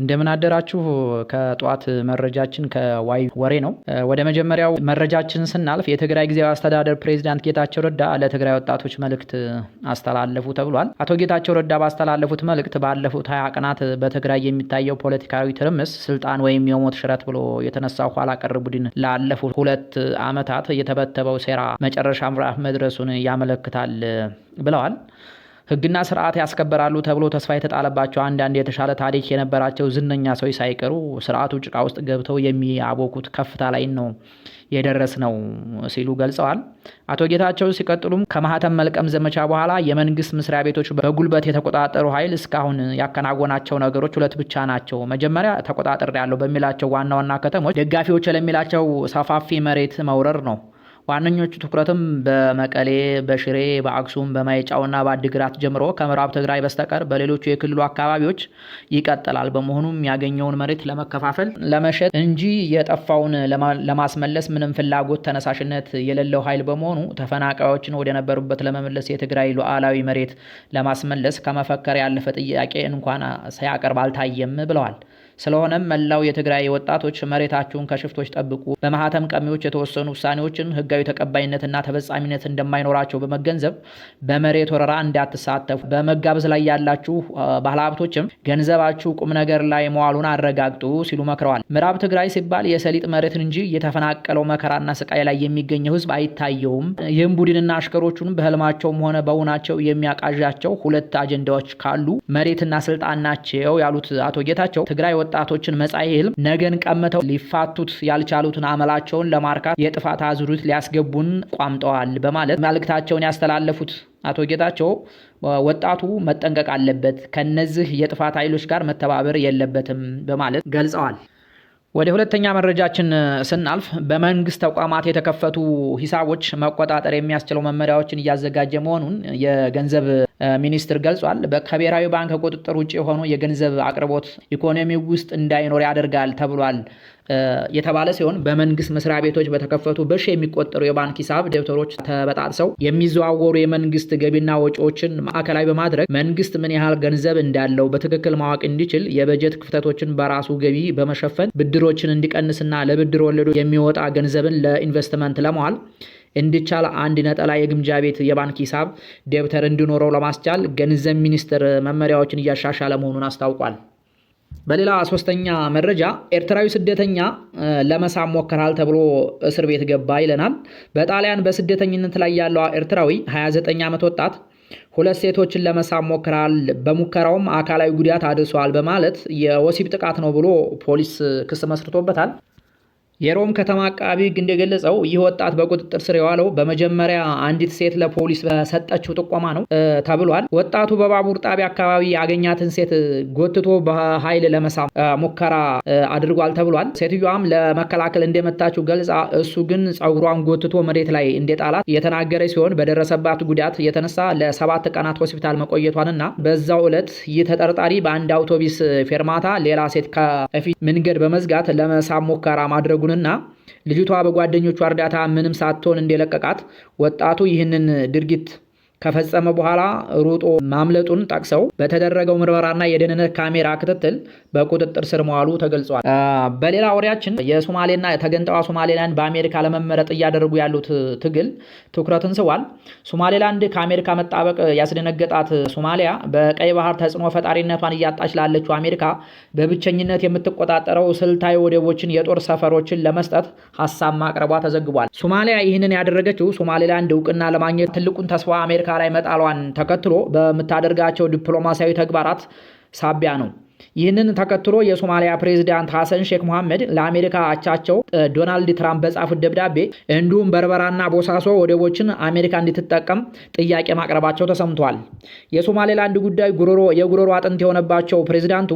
እንደምን አደራችሁ። ከጠዋት መረጃችን ከዋይ ወሬ ነው። ወደ መጀመሪያው መረጃችን ስናልፍ የትግራይ ጊዜያዊ አስተዳደር ፕሬዚዳንት ጌታቸው ረዳ ለትግራይ ወጣቶች መልእክት አስተላለፉ ተብሏል። አቶ ጌታቸው ረዳ ባስተላለፉት መልእክት ባለፉት ሀያ ቀናት በትግራይ የሚታየው ፖለቲካዊ ትርምስ፣ ስልጣን ወይም የሞት ሽረት ብሎ የተነሳው ኋላ ቀር ቡድን ላለፉት ሁለት ዓመታት የተበተበው ሴራ መጨረሻ ምዕራፍ መድረሱን ያመለክታል ብለዋል። ህግና ስርዓት ያስከበራሉ ተብሎ ተስፋ የተጣለባቸው አንዳንድ የተሻለ ታሪክ የነበራቸው ዝነኛ ሰዎች ሳይቀሩ ስርዓቱ ጭቃ ውስጥ ገብተው የሚያቦኩት ከፍታ ላይ ነው የደረስ ነው ሲሉ ገልጸዋል። አቶ ጌታቸው ሲቀጥሉም ከማህተም መልቀም ዘመቻ በኋላ የመንግስት መስሪያ ቤቶች በጉልበት የተቆጣጠሩ ኃይል እስካሁን ያከናወናቸው ነገሮች ሁለት ብቻ ናቸው። መጀመሪያ ተቆጣጠር ያለው በሚላቸው ዋና ዋና ከተሞች ደጋፊዎች ለሚላቸው ሰፋፊ መሬት መውረር ነው። ዋነኞቹ ትኩረትም በመቀሌ፣ በሽሬ፣ በአክሱም፣ በማይጫውና በአድግራት ጀምሮ ከምዕራብ ትግራይ በስተቀር በሌሎቹ የክልሉ አካባቢዎች ይቀጥላል። በመሆኑም ያገኘውን መሬት ለመከፋፈል ለመሸጥ እንጂ የጠፋውን ለማስመለስ ምንም ፍላጎት፣ ተነሳሽነት የሌለው ኃይል በመሆኑ ተፈናቃዮችን ወደ ነበሩበት ለመመለስ የትግራይ ሉዓላዊ መሬት ለማስመለስ ከመፈከር ያለፈ ጥያቄ እንኳን ሳያቀርብ አልታየም ብለዋል። ስለሆነም መላው የትግራይ ወጣቶች መሬታችሁን ከሽፍቶች ጠብቁ፣ በማህተም ቀሚዎች የተወሰኑ ውሳኔዎችን ህጋዊ ተቀባይነትና ተፈጻሚነት እንደማይኖራቸው በመገንዘብ በመሬት ወረራ እንዳትሳተፉ፣ በመጋበዝ ላይ ያላችሁ ባለሀብቶችም ገንዘባችሁ ቁም ነገር ላይ መዋሉን አረጋግጡ ሲሉ መክረዋል። ምዕራብ ትግራይ ሲባል የሰሊጥ መሬትን እንጂ የተፈናቀለው መከራና ስቃይ ላይ የሚገኘው ህዝብ አይታየውም። ይህም ቡድንና አሽከሮቹን በህልማቸውም ሆነ በውናቸው የሚያቃዣቸው ሁለት አጀንዳዎች ካሉ መሬትና ስልጣን ናቸው ያሉት አቶ ጌታቸው ትግራይ ወጣቶችን መጻኢ ህልም ነገን ቀምተው ሊፋቱት ያልቻሉትን አመላቸውን ለማርካት የጥፋት አዙሪት ሊያስገቡን ቋምጠዋል በማለት መልእክታቸውን ያስተላለፉት አቶ ጌታቸው ወጣቱ መጠንቀቅ አለበት፣ ከነዚህ የጥፋት ኃይሎች ጋር መተባበር የለበትም በማለት ገልጸዋል። ወደ ሁለተኛ መረጃችን ስናልፍ በመንግስት ተቋማት የተከፈቱ ሂሳቦች መቆጣጠር የሚያስችለው መመሪያዎችን እያዘጋጀ መሆኑን የገንዘብ ሚኒስትር ገልጿል። ከብሔራዊ ባንክ ቁጥጥር ውጭ የሆኑ የገንዘብ አቅርቦት ኢኮኖሚ ውስጥ እንዳይኖር ያደርጋል ተብሏል የተባለ ሲሆን በመንግስት መስሪያ ቤቶች በተከፈቱ በሺ የሚቆጠሩ የባንክ ሂሳብ ደብተሮች ተበጣጥሰው የሚዘዋወሩ የመንግስት ገቢና ወጪዎችን ማዕከላዊ በማድረግ መንግስት ምን ያህል ገንዘብ እንዳለው በትክክል ማወቅ እንዲችል የበጀት ክፍተቶችን በራሱ ገቢ በመሸፈን ብድሮችን እንዲቀንስና ለብድር ወለዶ የሚወጣ ገንዘብን ለኢንቨስትመንት ለመዋል እንዲቻል አንድ ነጠላ የግምጃ ቤት የባንክ ሂሳብ ደብተር እንዲኖረው ለማስቻል ገንዘብ ሚኒስቴር መመሪያዎችን እያሻሻለ መሆኑን አስታውቋል። በሌላ ሶስተኛ መረጃ ኤርትራዊ ስደተኛ ለመሳብ ሞከራል ተብሎ እስር ቤት ገባ ይለናል። በጣሊያን በስደተኝነት ላይ ያለው ኤርትራዊ 29 ዓመት ወጣት ሁለት ሴቶችን ለመሳብ ሞከራል በሙከራውም አካላዊ ጉዳት አድርሷል በማለት የወሲብ ጥቃት ነው ብሎ ፖሊስ ክስ መስርቶበታል። የሮም ከተማ አቃቢ ሕግ እንደገለጸው ይህ ወጣት በቁጥጥር ስር የዋለው በመጀመሪያ አንዲት ሴት ለፖሊስ በሰጠችው ጥቆማ ነው ተብሏል። ወጣቱ በባቡር ጣቢያ አካባቢ ያገኛትን ሴት ጎትቶ በኃይል ለመሳብ ሙከራ አድርጓል ተብሏል። ሴትዮዋም ለመከላከል እንደመታችው ገልጻ፣ እሱ ግን ጸጉሯን ጎትቶ መሬት ላይ እንደጣላት የተናገረ ሲሆን በደረሰባት ጉዳት የተነሳ ለሰባት ቀናት ሆስፒታል መቆየቷንና በዛው ዕለት ይህ ተጠርጣሪ በአንድ አውቶቢስ ፌርማታ ሌላ ሴት ከፊት መንገድ በመዝጋት ለመሳብ ሙከራ ማድረጉ ማድረጉንና ልጅቷ በጓደኞቿ እርዳታ ምንም ሳትሆን እንደለቀቃት ወጣቱ ይህንን ድርጊት ከፈጸመ በኋላ ሩጦ ማምለጡን ጠቅሰው በተደረገው ምርመራና የደህንነት ካሜራ ክትትል በቁጥጥር ስር መዋሉ ተገልጿል። በሌላ ወሬያችን የሶማሌና ተገንጠዋ ሶማሌላንድ በአሜሪካ ለመመረጥ እያደረጉ ያሉት ትግል ትኩረትን ስቧል። ሶማሌላንድ ከአሜሪካ መጣበቅ ያስደነገጣት ሶማሊያ በቀይ ባህር ተጽዕኖ ፈጣሪነቷን እያጣች ላለችው አሜሪካ በብቸኝነት የምትቆጣጠረው ስልታዊ ወደቦችን፣ የጦር ሰፈሮችን ለመስጠት ሀሳብ ማቅረቧ ተዘግቧል። ሶማሊያ ይህንን ያደረገችው ሶማሌላንድ እውቅና ለማግኘት ትልቁን ተስፋ አሜሪካ አሜሪካ ላይ መጣሏን ተከትሎ በምታደርጋቸው ዲፕሎማሲያዊ ተግባራት ሳቢያ ነው። ይህንን ተከትሎ የሶማሊያ ፕሬዚዳንት ሐሰን ሼክ መሐመድ ለአሜሪካ አቻቸው ዶናልድ ትራምፕ በጻፉት ደብዳቤ እንዲሁም በርበራና ቦሳሶ ወደቦችን አሜሪካ እንድትጠቀም ጥያቄ ማቅረባቸው ተሰምቷል። የሶማሌላንድ ጉዳይ ጉሮሮ የጉሮሮ አጥንት የሆነባቸው ፕሬዚዳንቱ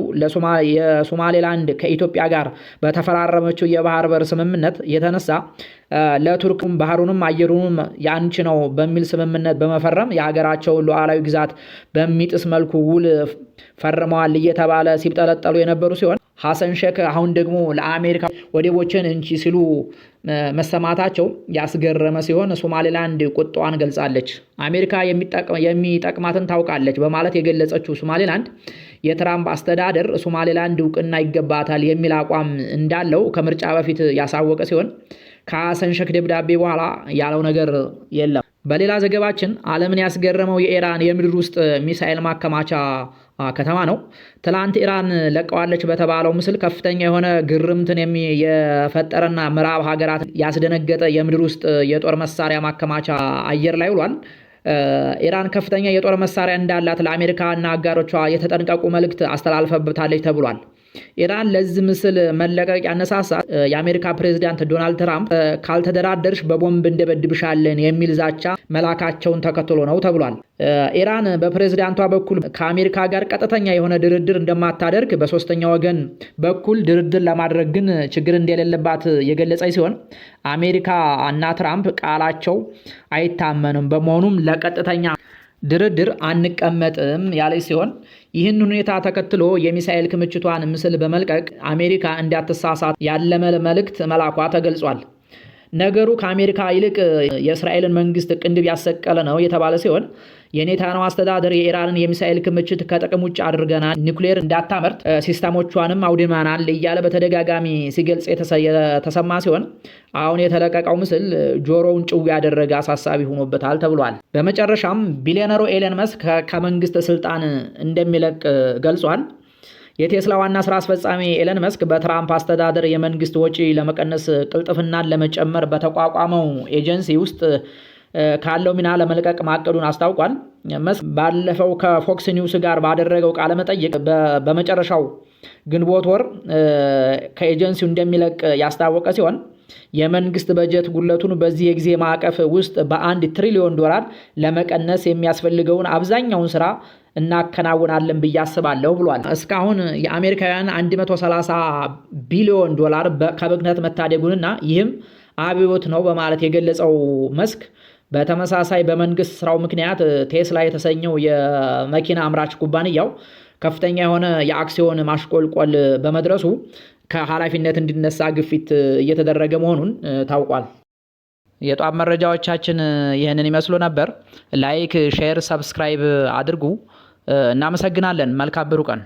የሶማሌላንድ ከኢትዮጵያ ጋር በተፈራረመችው የባህር በር ስምምነት የተነሳ ለቱርክም ባህሩንም አየሩንም ያንቺ ነው በሚል ስምምነት በመፈረም የሀገራቸውን ሉዓላዊ ግዛት በሚጥስ መልኩ ውል ፈርመዋል እየተባለ ሲጠለጠሉ የነበሩ ሲሆን ሀሰን ሼክ አሁን ደግሞ ለአሜሪካ ወደቦችን እንቺ ሲሉ መሰማታቸው ያስገረመ ሲሆን ሶማሌላንድ ቁጣዋን ገልጻለች። አሜሪካ የሚጠቅማትን ታውቃለች በማለት የገለጸችው ሶማሌላንድ የትራምፕ አስተዳደር ሶማሌላንድ እውቅና ይገባታል የሚል አቋም እንዳለው ከምርጫ በፊት ያሳወቀ ሲሆን ከሰንሸክ ደብዳቤ በኋላ ያለው ነገር የለም። በሌላ ዘገባችን ዓለምን ያስገረመው የኢራን የምድር ውስጥ ሚሳኤል ማከማቻ ከተማ ነው። ትላንት ኢራን ለቀዋለች በተባለው ምስል ከፍተኛ የሆነ ግርምትን የፈጠረና ምዕራብ ሀገራት ያስደነገጠ የምድር ውስጥ የጦር መሳሪያ ማከማቻ አየር ላይ ውሏል። ኢራን ከፍተኛ የጦር መሳሪያ እንዳላት ለአሜሪካና አጋሮቿ የተጠንቀቁ መልእክት አስተላልፈበታለች ተብሏል። ኢራን ለዚህ ምስል መለቀቅ ያነሳሳት የአሜሪካ ፕሬዚዳንት ዶናልድ ትራምፕ ካልተደራደርሽ በቦምብ እንደበድብሻለን የሚል ዛቻ መላካቸውን ተከትሎ ነው ተብሏል። ኢራን በፕሬዝዳንቷ በኩል ከአሜሪካ ጋር ቀጥተኛ የሆነ ድርድር እንደማታደርግ በሶስተኛ ወገን በኩል ድርድር ለማድረግ ግን ችግር እንደሌለባት የገለጸች ሲሆን አሜሪካ እና ትራምፕ ቃላቸው አይታመንም፣ በመሆኑም ለቀጥተኛ ድርድር አንቀመጥም ያለች ሲሆን ይህን ሁኔታ ተከትሎ የሚሳኤል ክምችቷን ምስል በመልቀቅ አሜሪካ እንዳትሳሳት ያለመ መልእክት መላኳ ተገልጿል። ነገሩ ከአሜሪካ ይልቅ የእስራኤልን መንግስት ቅንድብ ያሰቀለ ነው የተባለ ሲሆን የኔታንያሁ አስተዳደር የኢራንን የሚሳኤል ክምችት ከጥቅም ውጭ አድርገናል፣ ኒውክሌር እንዳታመርት ሲስተሞቿንም አውድማናል እያለ በተደጋጋሚ ሲገልጽ የተሰማ ሲሆን አሁን የተለቀቀው ምስል ጆሮውን ጭው ያደረገ አሳሳቢ ሆኖበታል ተብሏል። በመጨረሻም ቢሊዮነሩ ኤለን መስክ ከመንግስት ስልጣን እንደሚለቅ ገልጿል። የቴስላ ዋና ስራ አስፈጻሚ ኤለን መስክ በትራምፕ አስተዳደር የመንግስት ወጪ ለመቀነስ ቅልጥፍናን ለመጨመር በተቋቋመው ኤጀንሲ ውስጥ ካለው ሚና ለመልቀቅ ማቀዱን አስታውቋል። መስክ ባለፈው ከፎክስ ኒውስ ጋር ባደረገው ቃለ መጠይቅ በመጨረሻው ግንቦት ወር ከኤጀንሲው እንደሚለቅ ያስታወቀ ሲሆን የመንግስት በጀት ጉለቱን በዚህ የጊዜ ማዕቀፍ ውስጥ በአንድ ትሪሊዮን ዶላር ለመቀነስ የሚያስፈልገውን አብዛኛውን ስራ እናከናውናለን ብዬ አስባለሁ ብሏል። እስካሁን የአሜሪካውያን 130 ቢሊዮን ዶላር ከብክነት መታደጉንና ይህም አብዮት ነው በማለት የገለጸው መስክ በተመሳሳይ በመንግስት ስራው ምክንያት ቴስላ የተሰኘው የመኪና አምራች ኩባንያው ከፍተኛ የሆነ የአክሲዮን ማሽቆልቆል በመድረሱ ከኃላፊነት እንዲነሳ ግፊት እየተደረገ መሆኑን ታውቋል። የጧት መረጃዎቻችን ይህንን ይመስሉ ነበር። ላይክ፣ ሼር፣ ሰብስክራይብ አድርጉ። እናመሰግናለን። መልካም ብሩህ ቀን